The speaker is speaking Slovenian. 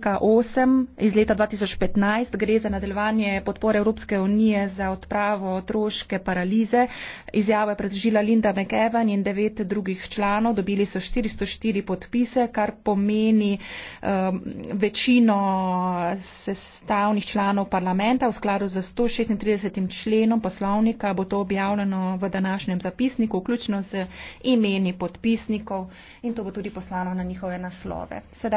številka 8 iz leta 2015 gre za nadaljevanje podpore Evropske unije za odpravo otroške paralize. Izjavo je predložila Linda McEwan in devet drugih članov. Dobili so 404 podpise, kar pomeni um, večino sestavnih članov parlamenta. V skladu z 136. členom poslovnika bo to objavljeno v današnjem zapisniku, vključno z imeni podpisnikov in to bo tudi poslano na njihove naslove. Sedaj